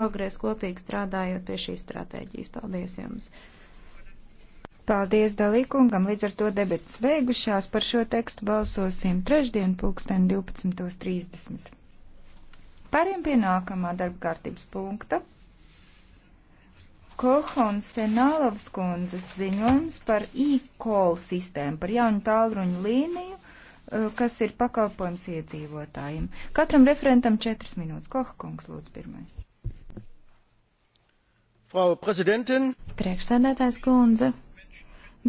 progresu kopīgi strādājot pie šīs stratēģijas. Paldies jums! Paldies dalīkungam, līdz ar to debets sveigušās. Par šo tekstu balsosim trešdien pulksten 12.30. Pāriem pie nākamā darba kārtības punkta. Kohon Senālovs kundzes ziņojums par e-call sistēmu, par jaunu tālruņu līniju, eh, kas ir pakalpojums iedzīvotājiem. Katram referentam četras minūtes. Koha kungs lūdzu pirmais. Frau Präsidentin! Priekšsēdētājs kundze!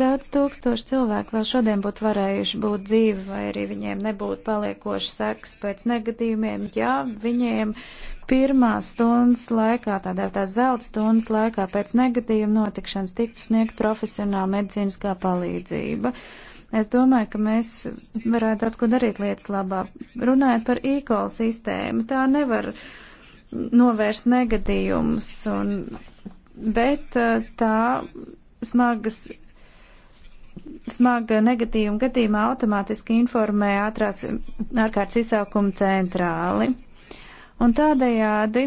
Daudz tūkstoši cilvēku vēl šodien būtu varējuši būt dzīvi, vai arī viņiem nebūtu paliekoši sekas pēc negadījumiem, ja viņiem pirmās stundas laikā, tādā tā zelta stundas laikā pēc negadījuma notikšanas tiktu sniegt profesionāla medicīniskā palīdzība. Es domāju, ka mēs varētu daudz ko darīt lietas labā. Runājot par e-call sistēmu, tā nevar novērst negadījumus un bet eh, tā smagas smaga negatīvuma gadījumā automātiski informē ātrās ārkārtas izsaukuma centrāli. Un tādējādi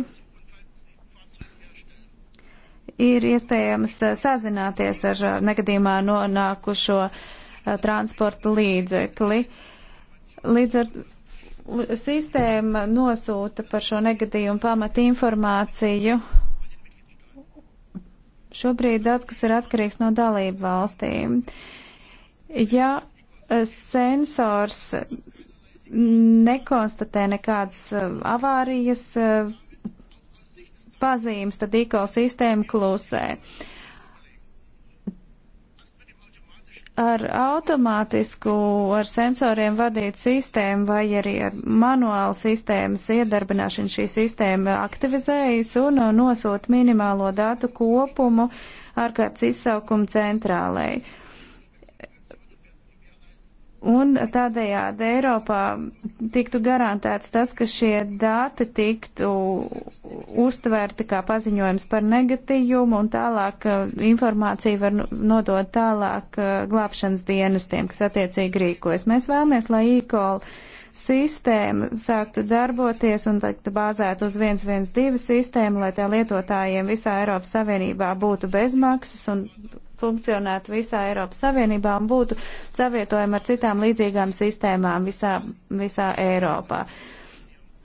ir iespējams eh, sazināties ar eh, negadījumā nonākušo transporta līdzekli. Līdz ar sistēma nosūta par šo negadījumu pamata informāciju Šobrīd daudz kas ir atkarīgs no dalību valstīm. Ja e, sensors nekonstatē nekādas e, avārijas e, pazīmes, tad ikol sistēma klusē. Uh, ar automātisku, ar sensoriem vadītu sistēmu vai arī ar manuālu sistēmas iedarbināšanu šī sistēma aktivizējas un nosūta minimālo datu kopumu ārkārtas izsaukuma centrālei. Un tādējādi Eiropā tiktu garantēts tas, ka šie dati tiktu uztverti kā paziņojums par negatīvumu un tālāk uh, informāciju var nodot tālāk uh, glābšanas dienestiem, kas attiecīgi rīkojas. Mēs vēlamies, lai e-call sistēma sāktu darboties un tiktu bāzēt uz 112 sistēmu, lai tā lietotājiem visā Eiropas Savienībā būtu bezmaksas un funkcionētu visā Eiropas Savienībā un būtu savietojama ar citām līdzīgām sistēmām visā, visā Eiropā.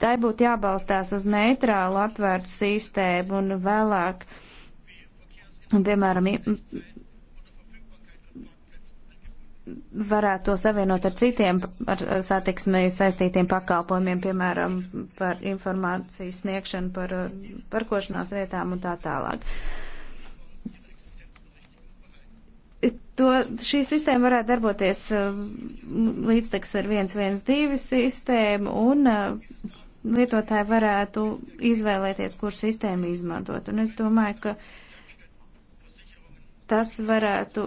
Tai būtu jābalstās uz neitrālu atvērtu sistēmu un vēlāk, un, piemēram, varētu to savienot ar citiem ar satiksmē saistītiem pakalpojumiem, piemēram, par informācijas sniegšanu, par parkošanās vietām un tā tālāk to, šī sistēma varētu darboties uh, līdzteks ar 112 sistēmu un uh, lietotāji varētu izvēlēties, kur sistēmu izmantot. Un es domāju, ka tas varētu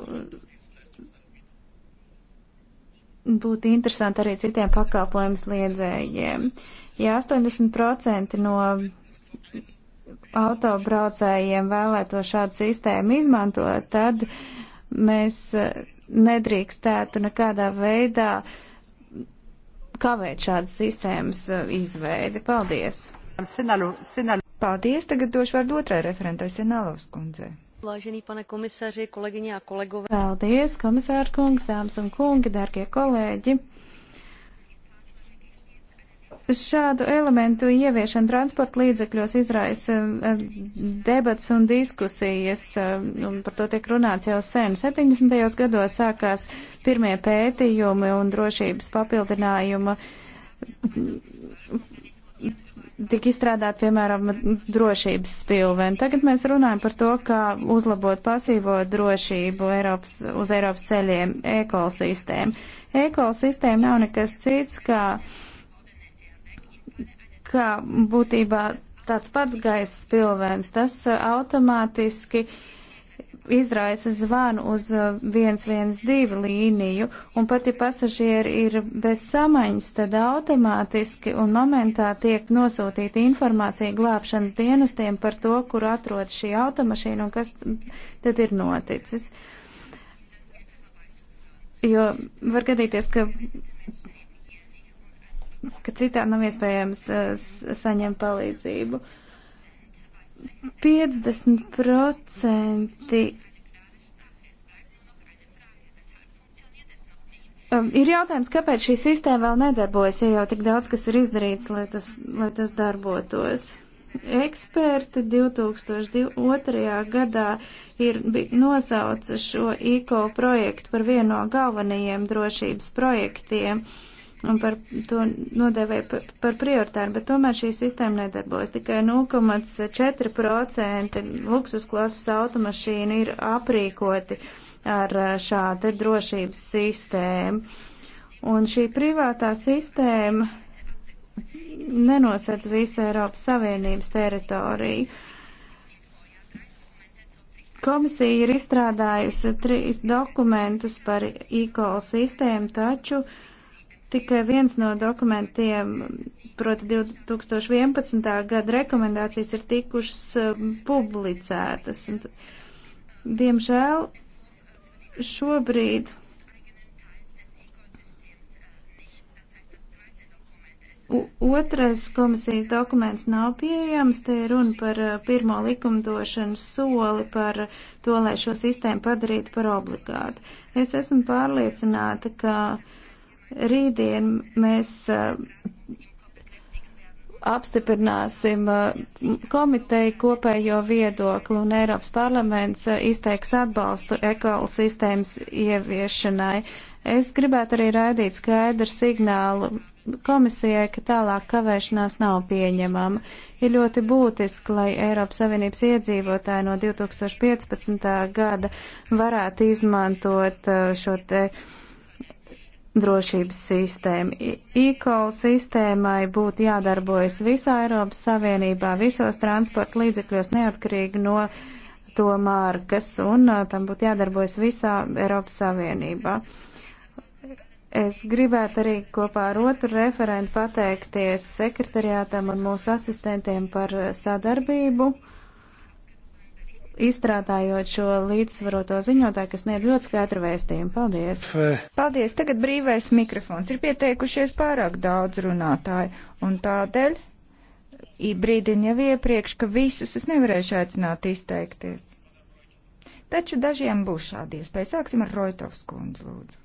būt interesanti arī citiem pakalpojumu sniedzējiem. Ja 80% no autobraucējiem vēlēto šādu sistēmu izmantot, tad uh, mēs eh, nedrīkstētu nekādā veidā kavēt šādas sistēmas eh, izveidi. Paldies! Senalu, senalu. Paldies, tagad došu vārdu otrai referentai Senalovs kundzei. Vážený pane komisaři, kolegyně a kolegové. Paldies, komisārkungs, dāmas un kungi, dārgie kolēģi. Šādu elementu ieviešana transporta līdzekļos izraisa eh, debats un diskusijas, eh, un par to tiek runāts jau sen. 70. gados sākās pirmie pētījumi un drošības papildinājuma tika izstrādāt, piemēram, drošības spilve. Un tagad mēs runājam par to, kā uzlabot pasīvo drošību Eiropas, uz Eiropas ceļiem ekosistēmu. Ekosistēma nav nekas cits, kā. Ka kā būtībā tāds pats gaisa spilvens, tas uh, automātiski izraisa zvanu uz 112 uh, līniju, un pat ja pasažieri ir bez samaņas, tad automātiski un momentā tiek nosūtīta informācija glābšanas dienestiem par to, kur atrodas šī automašīna un kas tad ir noticis. Jo var gadīties, ka ka citām nav iespējams eh, saņemt palīdzību. 50% um, ir jautājums, kāpēc šī sistēma vēl nedarbojas, ja jau tik daudz kas ir izdarīts, lai tas, lai tas darbotos. Eksperti 2002. gadā ir nosauca šo ICO projektu par vienu no galvenajiem drošības projektiem. Uh, un par to nodēvēja par, par prioritāru, bet tomēr šī sistēma nedarbojas. Tikai 0,4% luksusklases automašīnu ir aprīkoti ar šādu drošības sistēmu. Un šī privātā sistēma nenosac visu Eiropas Savienības teritoriju. Komisija ir izstrādājusi trīs dokumentus par e-call sistēmu, taču uh, Tikai viens no dokumentiem, proti 2011. gada rekomendācijas, ir tikušas um, publicētas. Diemžēl šobrīd Otrais komisijas dokuments nav pieejams, te ir runa par uh, pirmo likumdošanas soli, par to, lai šo sistēmu padarītu par obligātu. Es esmu pārliecināta, ka uh, Rītdien mēs uh, apstiprināsim uh, komiteju kopējo viedokli un Eiropas parlaments uh, izteiks atbalstu ekosistēmas ieviešanai. Es gribētu arī raidīt skaidru signālu komisijai, ka tālāk kavēšanās nav pieņemama. Ir ļoti būtiski, lai Eiropas Savienības iedzīvotāji no 2015. gada varētu izmantot šo te uh, drošības sistēmu. E-call sistēmai būtu jādarbojas visā Eiropas Savienībā, visos transporta līdzekļos, neatkarīgi no to mārkas, un uh, tam būtu jādarbojas visā Eiropas Savienībā. Es gribētu arī kopā ar otru referentu pateikties sekretariātam un mūsu asistentiem par uh, sadarbību. Uh, izstrādājot šo līdzsvaroto ziņotāju, kas sniedz ļoti skaidru vēstījumu. Paldies! Paldies! Tagad brīvais mikrofons. Ir pieteikušies pārāk daudz runātāju, un tādēļ brīdinu jau iepriekš, ka visus es nevarēšu aicināt izteikties. Taču dažiem būs šādi iespēja. Sāksim ar Roitovs kundzi, lūdzu.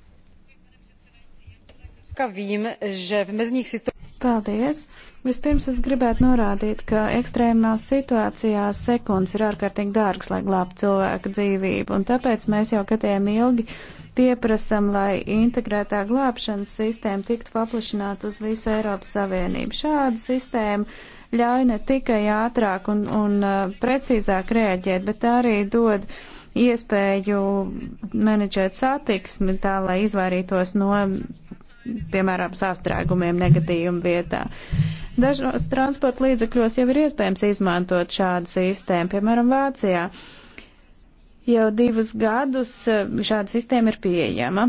Paldies! Vispirms es gribētu norādīt, ka ekstrēmās situācijās sekundes ir ārkārtīgi dārgs, lai glābtu cilvēku dzīvību, un tāpēc mēs jau gadiem ilgi pieprasam, lai integrētā glābšanas sistēma tiktu paplašināta uz visu Eiropas Savienību. Šāda sistēma ļauj ne tikai ātrāk un, un uh, precīzāk rēģēt, bet arī dod iespēju menedžēt satiksmi tā, lai izvairītos no piemēram, sastrēgumiem negadījumu vietā. Dažos transporta līdzekļos jau ir iespējams izmantot šādu sistēmu, piemēram, Vācijā. Jau divus gadus eh, šāda sistēma ir pieejama.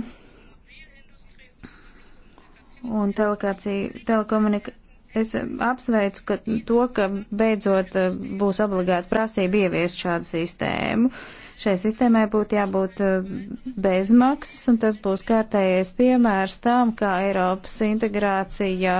Un telekomunikācija. Es eh, apsveicu ka to, ka beidzot eh, būs obligāti prasība ieviest šādu sistēmu. Uh, Šai sistēmai būtu jābūt eh, bezmaksas, un tas būs kārtējais piemērs tam, kā Eiropas integrācija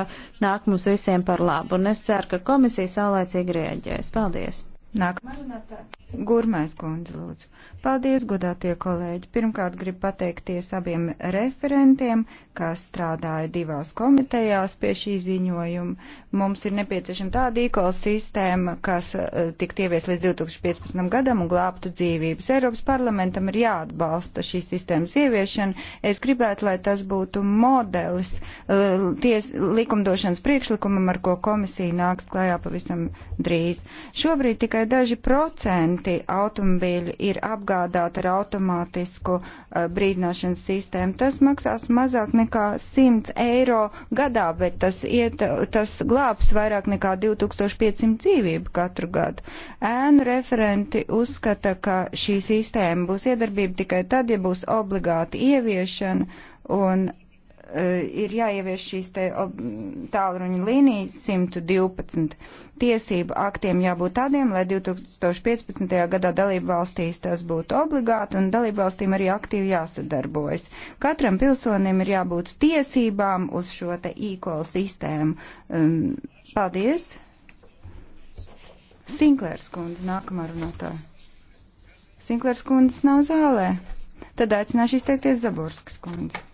nāk mums visiem par labu. Un es ceru, ka komisija saulēcīgi rieģēs. Paldies! Nākamā runātāja. Gurmais kundze, lūdzu. Paldies, godātie kolēģi. Pirmkārt, gribu pateikties abiem referentiem, kas strādāja divās komitejās pie šī ziņojuma. Mums ir nepieciešama tāda īkola sistēma, kas uh, eh, tik tievies līdz 2015. gadam un glābtu dzīvības. Eiropas parlamentam ir jāatbalsta šīs sistēmas ieviešana. Es gribētu, lai tas būtu modelis uh, ties, likumdošanas priekšlikumam, ar ko komisija nāks klajā pavisam drīz. Šobrīd tikai daži procenti simti automobīļu ir apgādāti ar automātisku uh, brīdināšanas sistēmu. Tas maksās mazāk nekā 100 eiro gadā, bet tas, iet, tas glābs vairāk nekā 2500 dzīvību katru gadu. Ēnu referenti uzskata, ka šī sistēma būs iedarbība tikai tad, ja būs obligāti ieviešana un Eh, ir jāievies šīs tālruņa līnijas 112 tiesību aktiem jābūt tādiem, lai 2015. gadā dalību valstīs tas būtu obligāti un dalību valstīm arī aktīvi jāsadarbojas. Katram pilsonim ir jābūt tiesībām uz šo te e-call sistēmu. Um, paldies! Sinklērs kundze nākamā runātāja. Sinklērs kundze nav zālē. Tad aicināšu izteikties Zaborskas kundze.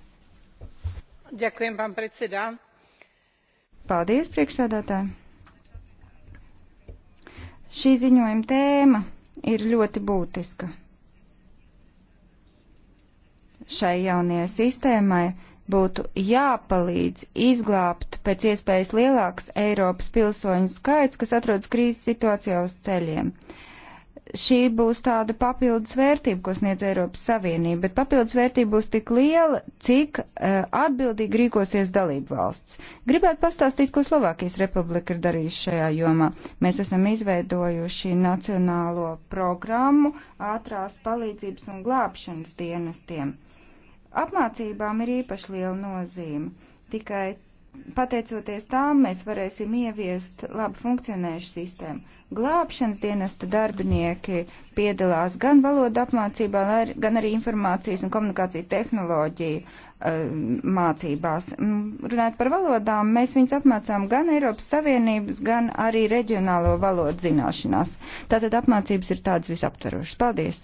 Ďakujem, pán predsedā. Paldies, priekšsēdētāji. Šī ziņojuma tēma ir ļoti būtiska. Šai jaunajai sistēmai būtu jāpalīdz izglābt pēc iespējas lielāks Eiropas pilsoņu skaits, kas atrodas krīzes situācijā uz ceļiem. Uh, šī būs tāda papildus vērtība, ko sniedz Eiropas Savienība, bet papildus vērtība būs tik liela, cik uh, atbildīgi rīkosies dalību valsts. Gribētu pastāstīt, ko Slovākijas republika ir darījusi šajā jomā. Mēs esam izveidojuši nacionālo programmu ātrās palīdzības un glābšanas dienestiem. Apmācībām ir īpaši liela nozīme. Tikai pateicoties tām, mēs varēsim ieviest labi funkcionējušu sistēmu. Glābšanas dienesta darbinieki piedalās gan valodu apmācībā, gan arī informācijas un komunikāciju tehnoloģiju uh, mācībās. Mm, runājot par valodām, mēs viņus apmācām gan Eiropas Savienības, gan arī reģionālo valodu zināšanās. Tātad apmācības ir tādas visaptverošas. Paldies!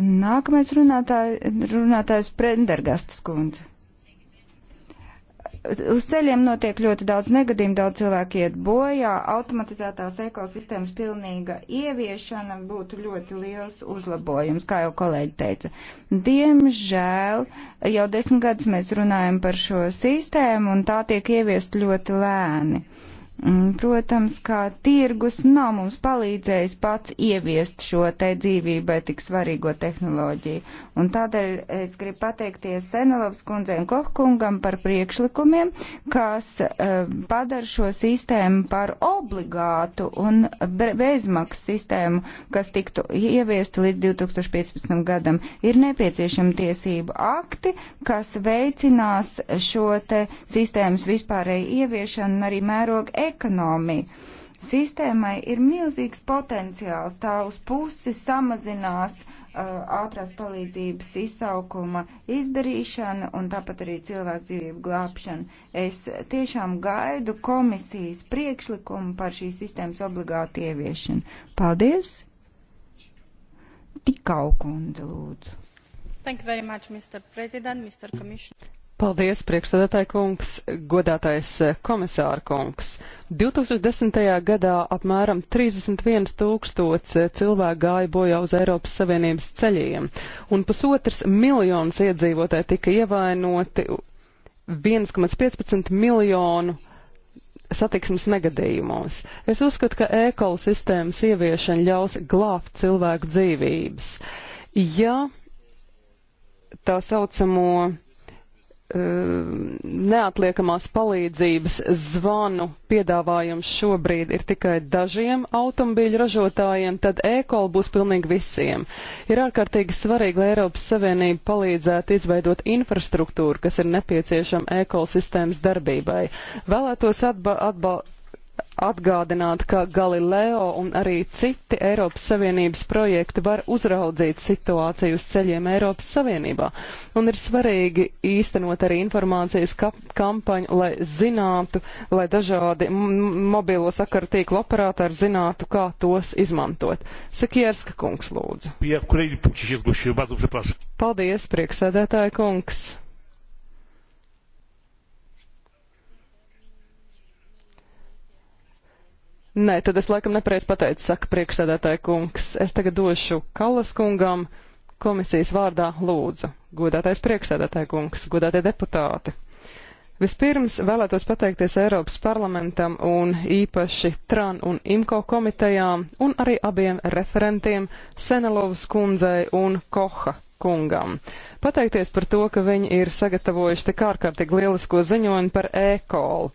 Nākamais runātāj, runātājs Prendergastas kundze. Uz ceļiem notiek ļoti daudz negadījumu, daudz cilvēku iet bojā. Automatizētās ekosistēmas pilnīga ieviešana būtu ļoti liels uzlabojums, kā jau kolēģi teica. Diemžēl jau desmit gadus mēs runājam par šo sistēmu, un tā tiek ieviest ļoti lēni. Protams, kā tirgus nav mums palīdzējis pats ieviest šo te dzīvībai tik svarīgo tehnoloģiju. Un tādēļ es gribu pateikties Senelovs kundzei un Kohkungam par priekšlikumiem, kas uh, padara šo sistēmu par obligātu un bezmaksas sistēmu, kas tiktu ieviesta līdz 2015. gadam. Ir nepieciešami tiesību akti, kas veicinās šo te sistēmas vispārēju ieviešanu un arī mērogu ekonomiju. Sistēmai ir milzīgs potenciāls, tā uz pusi samazinās uh, ātrās palīdzības izsaukuma izdarīšana un tāpat arī cilvēku dzīvību glābšana. Es tiešām gaidu komisijas priekšlikumu par šīs sistēmas obligātu ieviešanu. Paldies! Tikau kundze, lūdzu. Thank you very much, Mr. President, Mr. Commissioner. Paldies, priekšsēdētāji kungs, godātais eh, komisāra kungs. 2010. gadā apmēram 31 tūkstots eh, cilvēku gāja bojā uz Eiropas Savienības ceļiem, un pusotrs miljons iedzīvotāji tika ievainoti 1,15 miljonu satiksmes negadījumos. Es uzskatu, ka ekosistēmas ieviešana ļaus glābt cilvēku dzīvības. Ja tā saucamo Ehm, neatliekamās palīdzības zvanu piedāvājums šobrīd ir tikai dažiem automobīļu ražotājiem, tad e-kola būs pilnīgi visiem. Ir ārkārtīgi svarīgi, lai Eiropas Savienība palīdzētu izveidot infrastruktūru, kas ir nepieciešama e-kola sistēmas darbībai. Vēlētos atba atba atgādināt, ka Galileo un arī citi Eiropas Savienības projekti var uzraudzīt situāciju uz ceļiem Eiropas Savienībā. Un ir svarīgi īstenot arī informācijas kampaņu, lai zinātu, lai dažādi mobilo sakaru tīklu operatori zinātu, kā tos izmantot. Sekierska kungs lūdzu. Paldies, priekšsēdētāja kungs. Nē, tad es laikam nepareiz pateicu, saka priekšsēdētāja kungs. Es tagad došu Kallas kungam komisijas vārdā lūdzu. Godātais priekšsēdētāja kungs, godātie deputāti. Vispirms vēlētos pateikties Eiropas parlamentam un īpaši TRAN un IMKO komitejām un arī abiem referentiem Senelovas kundzei un Koha kungam. Pateikties par to, ka viņi ir sagatavojuši tik ārkārtīgi lielisko ziņojumu par e-kolu.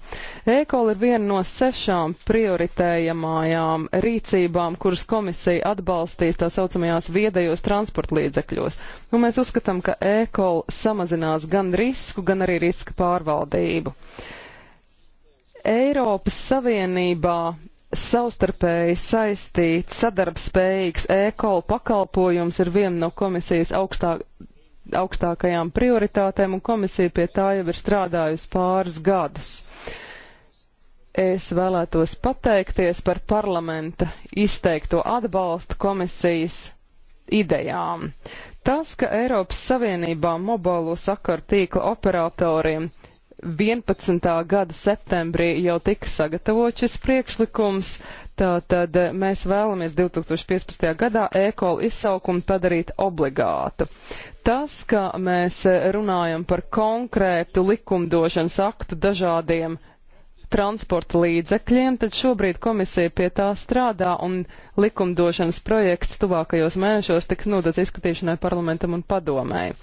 E-kola ir viena no sešām prioritējamajām rīcībām, kuras komisija atbalstīs tā saucamajās viedajos transportlīdzekļos. Un nu, mēs uzskatām, ka e-kola samazinās gan risku, gan arī riska pārvaldību. Eiropas Savienībā savstarpēji saistīts, sadarbspējīgs e-kola pakalpojums ir viena no komisijas augstāk, augstākajām prioritātēm, un komisija pie tā jau ir strādājusi pāris gadus. Es vēlētos pateikties par parlamenta izteikto atbalstu komisijas idejām. Tas, ka Eiropas Savienībā mobilo sakaru tīkla operatoriem 11. gada septembrī jau tika sagatavots šis priekšlikums, tātad eh, mēs vēlamies 2015. gadā ekolu izsaukumu padarīt obligātu. Tas, ka mēs eh, runājam par konkrētu likumdošanas aktu dažādiem transporta līdzekļiem, tad šobrīd komisija pie tā strādā un likumdošanas projekts tuvākajos mēnešos tiks nodots izskatīšanai parlamentam un padomēji.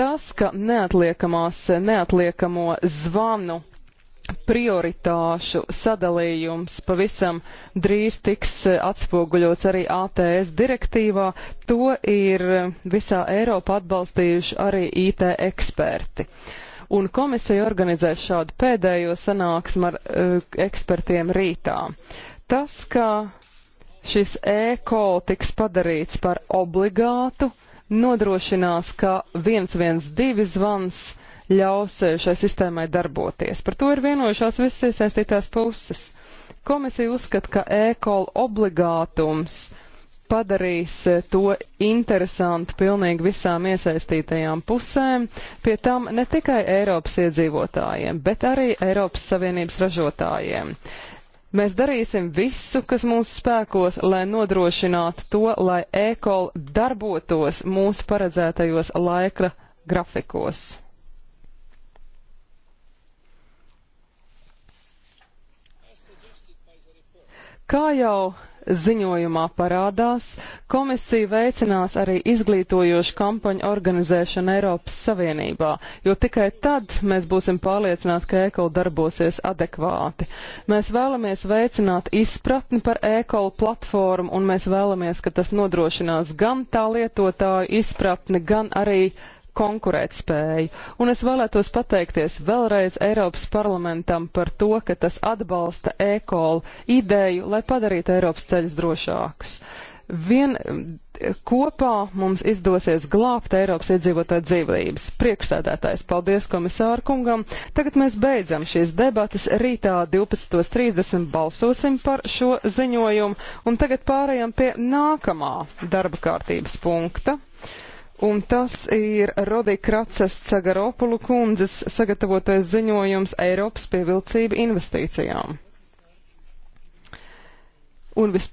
Tas, ka neatliekamās, neatliekamo zvanu prioritāšu sadalījums pavisam drīz tiks atspoguļots arī ATS direktīvā. To ir visā Eiropā atbalstījuši arī IT eksperti. Uh, un komisija organizēs šādu pēdējo sanāksmu ar uh, ekspertiem rītā. Tas, ka šis e-kola tiks padarīts par obligātu, nodrošinās, ka 112 zvans ļaus e, šai sistēmai darboties. Par to ir vienojušās visas iesaistītās puses. Komisija uzskata, ka e-kola obligātums padarīs eh, to interesantu pilnīgi visām iesaistītajām pusēm, pie tam ne tikai Eiropas iedzīvotājiem, bet arī Eiropas Savienības ražotājiem. Mēs darīsim visu, kas mūsu spēkos, lai nodrošinātu to, lai ekol darbotos mūsu paredzētajos laika grafikos. Kā jau ziņojumā parādās, komisija veicinās arī izglītojošu kampaņu organizēšanu Eiropas Savienībā, jo tikai tad mēs būsim pārliecināti, ka e-kola darbosies adekvāti. Mēs vēlamies veicināt izpratni par e-kola platformu, un mēs vēlamies, ka tas nodrošinās gan tā lietotāju izpratni, gan arī konkurētspēju. Un es vēlētos pateikties vēlreiz Eiropas parlamentam par to, ka tas atbalsta ekolu ideju, lai padarītu Eiropas ceļus drošākus. Vien kopā mums izdosies glābt Eiropas iedzīvotāju dzīvības. Priekšsēdētājs, paldies komisāru kungam. Tagad mēs beidzam šīs debatas. Rītā 12.30 balsosim par šo ziņojumu. Un tagad pārējām pie nākamā darba kārtības punkta un tas ir Rodī Kratsas Cagaropulu kundzes sagatavotais ziņojums Eiropas pievilcība investīcijām. Un vispirms